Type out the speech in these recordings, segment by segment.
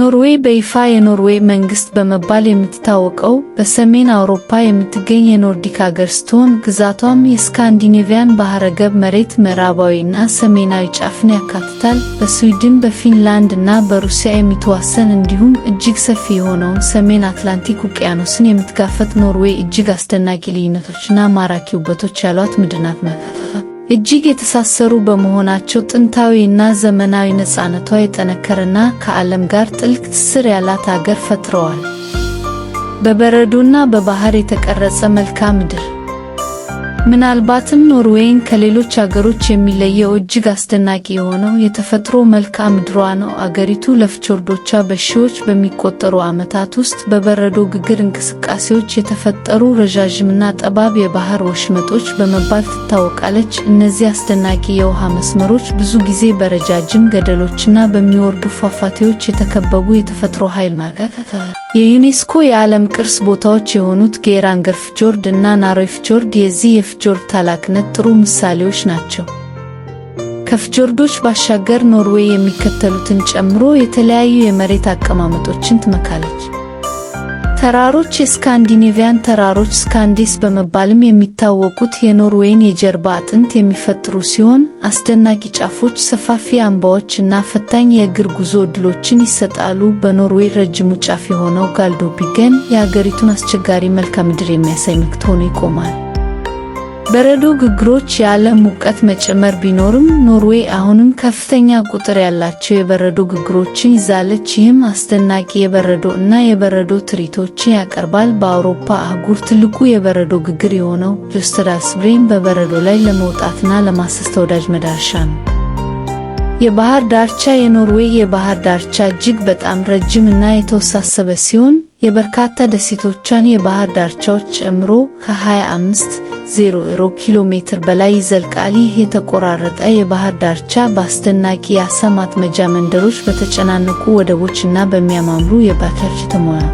ኖርዌይ በይፋ የኖርዌይ መንግስት በመባል የምትታወቀው በሰሜን አውሮፓ የምትገኝ የኖርዲክ አገር ስትሆን ግዛቷም የስካንዲኔቪያን ባህረ ገብ መሬት ምዕራባዊና ሰሜናዊ ጫፍን ያካትታል። በስዊድን በፊንላንድ እና በሩሲያ የሚተዋሰን እንዲሁም እጅግ ሰፊ የሆነውን ሰሜን አትላንቲክ ውቅያኖስን የምትጋፈጥ ኖርዌይ እጅግ አስደናቂ ልዩነቶችና ማራኪ ውበቶች ያሏት ምድር ናት። እጅግ የተሳሰሩ በመሆናቸው ጥንታዊና ዘመናዊ ነፃነቷ የጠነከረና ከዓለም ጋር ጥልቅ ትስስር ያላት አገር ፈጥረዋል። በበረዶና በባህር የተቀረጸ መልክዓ ምድር ምናልባትም ኖርዌይን ከሌሎች አገሮች የሚለየው እጅግ አስደናቂ የሆነው የተፈጥሮ መልክዓ ምድሯ ነው። አገሪቱ ለፍጆርዶቿ በሺዎች በሚቆጠሩ ዓመታት ውስጥ በበረዶ ግግር እንቅስቃሴዎች የተፈጠሩ ረዣዥምና ጠባብ የባህር ወሽመጦች በመባል ትታወቃለች። እነዚህ አስደናቂ የውሃ መስመሮች ብዙ ጊዜ በረጃጅም ገደሎችና በሚወርዱ ፏፏቴዎች የተከበቡ የተፈጥሮ ኃይል ማለት የዩኔስኮ የዓለም ቅርስ ቦታዎች የሆኑት ጌራንገር ፍጆርድ እና ናሮይ ፍጆርድ የዚህ የፊዮርድ ታላቅነት ጥሩ ምሳሌዎች ናቸው። ከፍጆርዶች ባሻገር ኖርዌይ የሚከተሉትን ጨምሮ የተለያዩ የመሬት አቀማመጦችን ትመካለች። ተራሮች የስካንዲኔቪያን ተራሮች ስካንዲስ በመባልም የሚታወቁት የኖርዌይን የጀርባ አጥንት የሚፈጥሩ ሲሆን አስደናቂ ጫፎች፣ ሰፋፊ አምባዎች እና ፈታኝ የእግር ጉዞ እድሎችን ይሰጣሉ። በኖርዌይ ረጅሙ ጫፍ የሆነው ጋልዶቢገን የሀገሪቱን አስቸጋሪ መልክዓ ምድር የሚያሳይ መክቶ ሆኖ ይቆማል። በረዶ ግግሮች ያለ ሙቀት መጨመር ቢኖርም ኖርዌይ አሁንም ከፍተኛ ቁጥር ያላቸው የበረዶ ግግሮችን ይዛለች። ይህም አስደናቂ የበረዶ እና የበረዶ ትርኢቶችን ያቀርባል። በአውሮፓ አህጉር ትልቁ የበረዶ ግግር የሆነው ጆስተዳስብሬን በበረዶ ላይ ለመውጣትና ለማሰስ ተወዳጅ መዳረሻ ነው። የባህር ዳርቻ የኖርዌይ የባህር ዳርቻ እጅግ በጣም ረጅም እና የተወሳሰበ ሲሆን የበርካታ ደሴቶቿን የባህር ዳርቻዎች ጨምሮ ከ25 0 ኪሎ ሜትር በላይ ይዘልቃል። ይህ የተቆራረጠ የባህር ዳርቻ በአስደናቂ የአሳ ማጥመጃ መንደሮች፣ በተጨናነቁ ወደቦች እና በሚያማምሩ የባቻች ከተሞች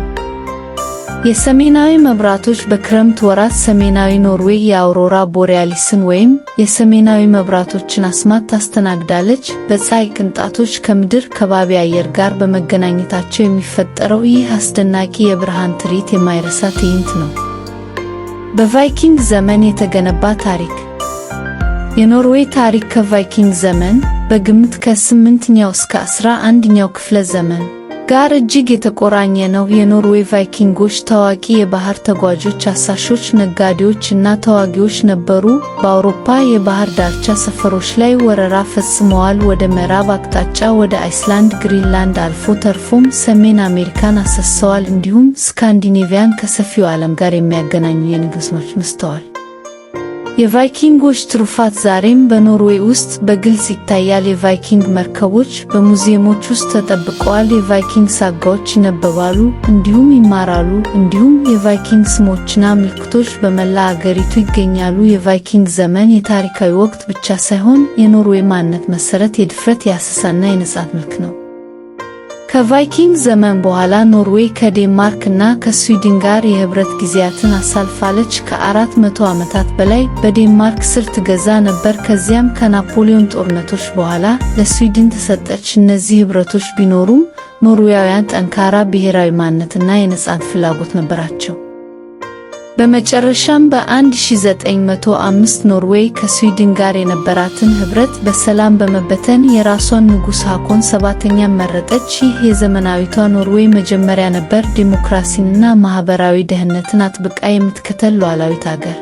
የሰሜናዊ መብራቶች በክረምት ወራት ሰሜናዊ ኖርዌይ የአውሮራ ቦሪያሊስን ወይም የሰሜናዊ መብራቶችን አስማት ታስተናግዳለች። በፀሐይ ቅንጣቶች ከምድር ከባቢ አየር ጋር በመገናኘታቸው የሚፈጠረው ይህ አስደናቂ የብርሃን ትርኢት የማይረሳ ትዕይንት ነው። በቫይኪንግ ዘመን የተገነባ ታሪክ። የኖርዌይ ታሪክ ከቫይኪንግ ዘመን በግምት ከ8ኛው እስከ 11ኛው ክፍለ ዘመን ጋር እጅግ የተቆራኘ ነው። የኖርዌይ ቫይኪንጎች ታዋቂ የባህር ተጓዦች፣ አሳሾች፣ ነጋዴዎች እና ተዋጊዎች ነበሩ። በአውሮፓ የባህር ዳርቻ ሰፈሮች ላይ ወረራ ፈጽመዋል። ወደ ምዕራብ አቅጣጫ ወደ አይስላንድ፣ ግሪንላንድ አልፎ ተርፎም ሰሜን አሜሪካን አሰሰዋል። እንዲሁም ስካንዲኔቪያን ከሰፊው ዓለም ጋር የሚያገናኙ የንግስኖች መስመሮች መስተዋል። የቫይኪንጎች ትሩፋት ዛሬም በኖርዌይ ውስጥ በግልጽ ይታያል። የቫይኪንግ መርከቦች በሙዚየሞች ውስጥ ተጠብቀዋል። የቫይኪንግ ሳጋዎች ይነበባሉ፣ እንዲሁም ይማራሉ። እንዲሁም የቫይኪንግ ስሞችና ምልክቶች በመላ አገሪቱ ይገኛሉ። የቫይኪንግ ዘመን የታሪካዊ ወቅት ብቻ ሳይሆን የኖርዌይ ማንነት መሰረት፣ የድፍረት፣ የአሰሳና የነጻት ምልክ ነው። ከቫይኪንግ ዘመን በኋላ ኖርዌይ ከዴንማርክ እና ከስዊድን ጋር የህብረት ጊዜያትን አሳልፋለች። ከአራት መቶ ዓመታት በላይ በዴንማርክ ስር ትገዛ ነበር። ከዚያም ከናፖሊዮን ጦርነቶች በኋላ ለስዊድን ተሰጠች። እነዚህ ህብረቶች ቢኖሩም ኖርዌያውያን ጠንካራ ብሔራዊ ማንነትና የነጻነት ፍላጎት ነበራቸው። በመጨረሻም በ1905 ኖርዌይ ከስዊድን ጋር የነበራትን ህብረት በሰላም በመበተን የራሷን ንጉሥ ሃኮን ሰባተኛን መረጠች። ይህ የዘመናዊቷ ኖርዌይ መጀመሪያ ነበር፣ ዲሞክራሲንና ማኅበራዊ ደህንነትን አጥብቃ የምትከተል ሉዓላዊት አገር።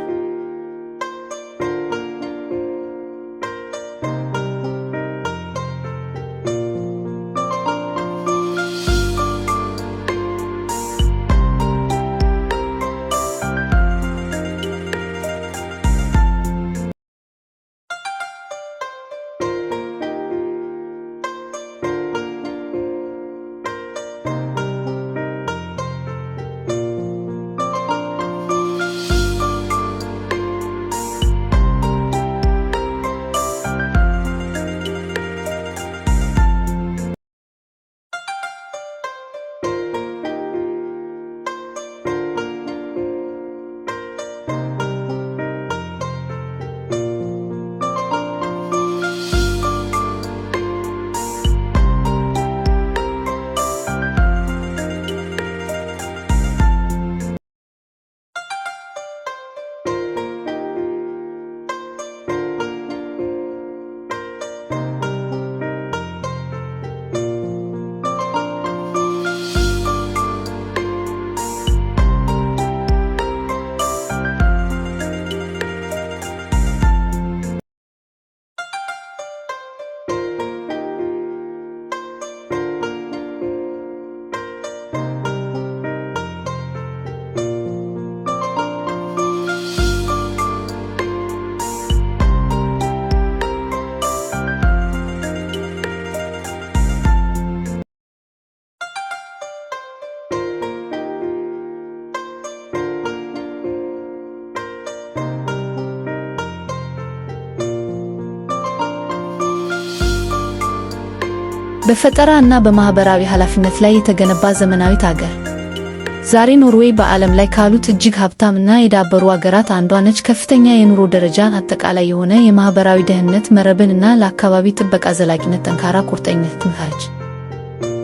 በፈጠራ እና በማህበራዊ ኃላፊነት ላይ የተገነባ ዘመናዊት አገር። ዛሬ ኖርዌይ በዓለም ላይ ካሉት እጅግ ሀብታም እና የዳበሩ አገራት አንዷ ነች። ከፍተኛ የኑሮ ደረጃ፣ አጠቃላይ የሆነ የማህበራዊ ደህንነት መረብን እና ለአካባቢ ጥበቃ ዘላቂነት ጠንካራ ቁርጠኝነት ትምታለች።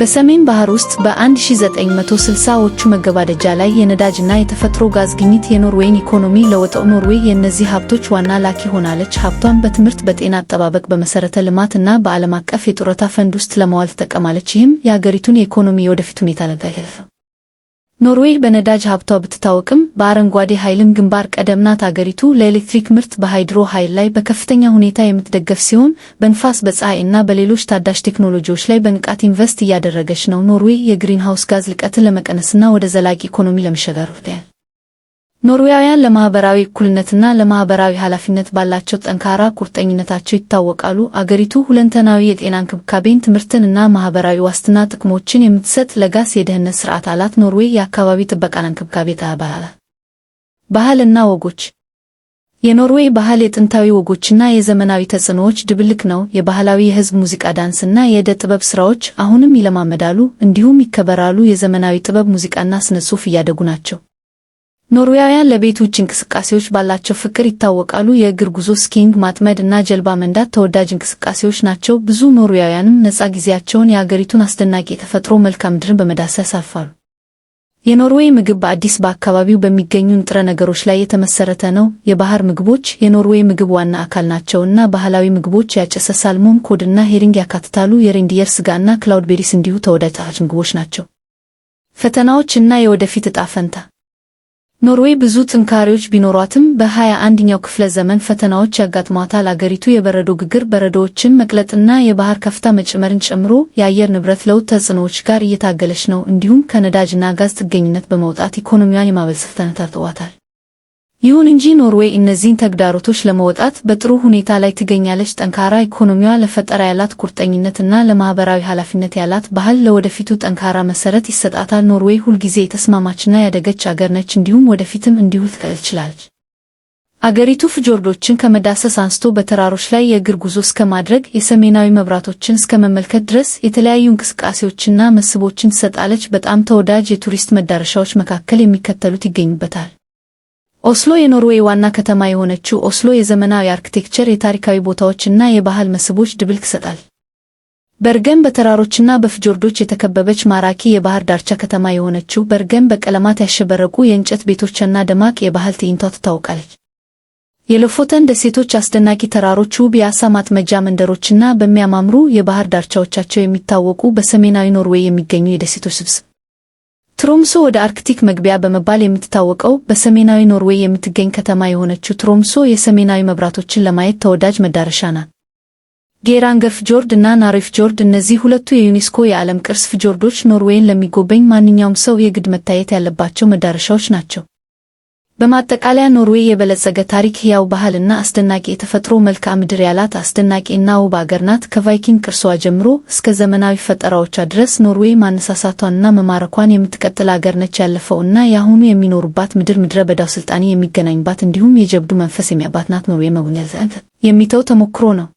በሰሜን ባህር ውስጥ በ1960ዎቹ መገባደጃ ላይ የነዳጅና የተፈጥሮ ጋዝ ግኝት የኖርዌይን ኢኮኖሚ ለወጠው። ኖርዌይ የእነዚህ ሀብቶች ዋና ላኪ ሆናለች። ሀብቷን በትምህርት፣ በጤና አጠባበቅ፣ በመሰረተ ልማት እና በዓለም አቀፍ የጡረታ ፈንድ ውስጥ ለማዋል ትጠቀማለች። ይህም የሀገሪቱን የኢኮኖሚ የወደፊት ሁኔታ ኖርዌይ በነዳጅ ሀብቷ ብትታወቅም በአረንጓዴ ኃይልም ግንባር ቀደም ናት። አገሪቱ ለኤሌክትሪክ ምርት በሃይድሮ ኃይል ላይ በከፍተኛ ሁኔታ የምትደገፍ ሲሆን በንፋስ በፀሐይ እና በሌሎች ታዳሽ ቴክኖሎጂዎች ላይ በንቃት ኢንቨስት እያደረገች ነው። ኖርዌይ የግሪንሃውስ ጋዝ ልቀትን ለመቀነስና ወደ ዘላቂ ኢኮኖሚ ለመሸጋገር ኖርዌያውያን ለማህበራዊ እኩልነትና ለማህበራዊ ኃላፊነት ባላቸው ጠንካራ ቁርጠኝነታቸው ይታወቃሉ። አገሪቱ ሁለንተናዊ የጤና እንክብካቤን፣ ትምህርትን እና ማህበራዊ ዋስትና ጥቅሞችን የምትሰጥ ለጋስ የደህንነት ስርዓት አላት። ኖርዌይ የአካባቢ ጥበቃና እንክብካቤ ተባለ። ባህልና ወጎች የኖርዌይ ባህል የጥንታዊ ወጎችና የዘመናዊ ተጽዕኖዎች ድብልቅ ነው። የባህላዊ የህዝብ ሙዚቃ፣ ዳንስና የዕደ ጥበብ ስራዎች አሁንም ይለማመዳሉ እንዲሁም ይከበራሉ። የዘመናዊ ጥበብ ሙዚቃና ስነ ጽሑፍ እያደጉ ናቸው። ኖርዌያውያን ለቤት ውጭ እንቅስቃሴዎች ባላቸው ፍቅር ይታወቃሉ። የእግር ጉዞ፣ ስኪንግ፣ ማጥመድ እና ጀልባ መንዳት ተወዳጅ እንቅስቃሴዎች ናቸው። ብዙ ኖርዌያውያንም ነፃ ጊዜያቸውን የአገሪቱን አስደናቂ የተፈጥሮ መልክዓ ምድርን በመዳሰስ ያሳልፋሉ። የኖርዌይ ምግብ በአዲስ በአካባቢው በሚገኙ ንጥረ ነገሮች ላይ የተመሰረተ ነው። የባህር ምግቦች የኖርዌይ ምግብ ዋና አካል ናቸውና ባህላዊ ምግቦች ያጨሰ ሳልሞን፣ ኮድና ሄሪንግ ያካትታሉ። የሬንዲየር ስጋና ክላውድ ቤሪስ እንዲሁ ተወዳጅ ምግቦች ናቸው። ፈተናዎች እና የወደፊት እጣ ፈንታ ኖርዌይ ብዙ ጥንካሬዎች ቢኖሯትም በ21ኛው ክፍለ ዘመን ፈተናዎች ያጋጥሟታል። አገሪቱ የበረዶ ግግር፣ በረዶዎችን መቅለጥና የባህር ከፍታ መጨመርን ጨምሮ የአየር ንብረት ለውጥ ተጽዕኖዎች ጋር እየታገለች ነው። እንዲሁም ከነዳጅና ጋዝ ጥገኝነት በመውጣት ኢኮኖሚዋን የማበልጸግ ተነታትዋታል። ይሁን እንጂ ኖርዌይ እነዚህን ተግዳሮቶች ለመወጣት በጥሩ ሁኔታ ላይ ትገኛለች። ጠንካራ ኢኮኖሚዋ፣ ለፈጠራ ያላት ቁርጠኝነት እና ለማህበራዊ ኃላፊነት ያላት ባህል ለወደፊቱ ጠንካራ መሰረት ይሰጣታል። ኖርዌይ ሁልጊዜ የተስማማችና ያደገች አገር ነች፣ እንዲሁም ወደፊትም እንዲሁ ትችላለች። አገሪቱ ፍጆርዶችን ከመዳሰስ አንስቶ በተራሮች ላይ የእግር ጉዞ እስከ ማድረግ የሰሜናዊ መብራቶችን እስከ መመልከት ድረስ የተለያዩ እንቅስቃሴዎችና መስህቦችን ትሰጣለች። በጣም ተወዳጅ የቱሪስት መዳረሻዎች መካከል የሚከተሉት ይገኙበታል። ኦስሎ የኖርዌይ ዋና ከተማ የሆነችው ኦስሎ የዘመናዊ አርክቴክቸር፣ የታሪካዊ ቦታዎችና የባህል መስህቦች ድብልቅ ይሰጣል። በርገን በተራሮችና በፍጆርዶች የተከበበች ማራኪ የባህር ዳርቻ ከተማ የሆነችው በርገን በቀለማት ያሸበረቁ የእንጨት ቤቶችና ደማቅ የባህል ትዕይንቷ ትታወቃለች። የሎፎተን ደሴቶች፣ አስደናቂ ተራሮች፣ ውብ የዓሳ ማጥመጃ መንደሮችና በሚያማምሩ የባህር ዳርቻዎቻቸው የሚታወቁ በሰሜናዊ ኖርዌይ የሚገኙ የደሴቶች ስብስብ ትሮምሶ ወደ አርክቲክ መግቢያ በመባል የምትታወቀው በሰሜናዊ ኖርዌይ የምትገኝ ከተማ የሆነችው ትሮምሶ የሰሜናዊ መብራቶችን ለማየት ተወዳጅ መዳረሻ ናት። ጌራንገር ፍጆርድ እና ናሪፍ ጆርድ እነዚህ ሁለቱ የዩኔስኮ የዓለም ቅርስ ፍጆርዶች ኖርዌይን ለሚጎበኝ ማንኛውም ሰው የግድ መታየት ያለባቸው መዳረሻዎች ናቸው። በማጠቃለያ ኖርዌይ የበለጸገ ታሪክ፣ ሕያው ባህልና አስደናቂ የተፈጥሮ መልክዓ ምድር ያላት አስደናቂና ውብ አገር ናት። ከቫይኪንግ ቅርሷ ጀምሮ እስከ ዘመናዊ ፈጠራዎቿ ድረስ ኖርዌይ ማነሳሳቷንና መማረኳን የምትቀጥል አገር ነች። ያለፈውና የአሁኑ የሚኖሩባት ምድር ምድረ በዳው ስልጣኔ የሚገናኝባት እንዲሁም የጀብዱ መንፈስ የሚያባት ናት። ኖርዌይ መጎብኘት የሚተው ተሞክሮ ነው።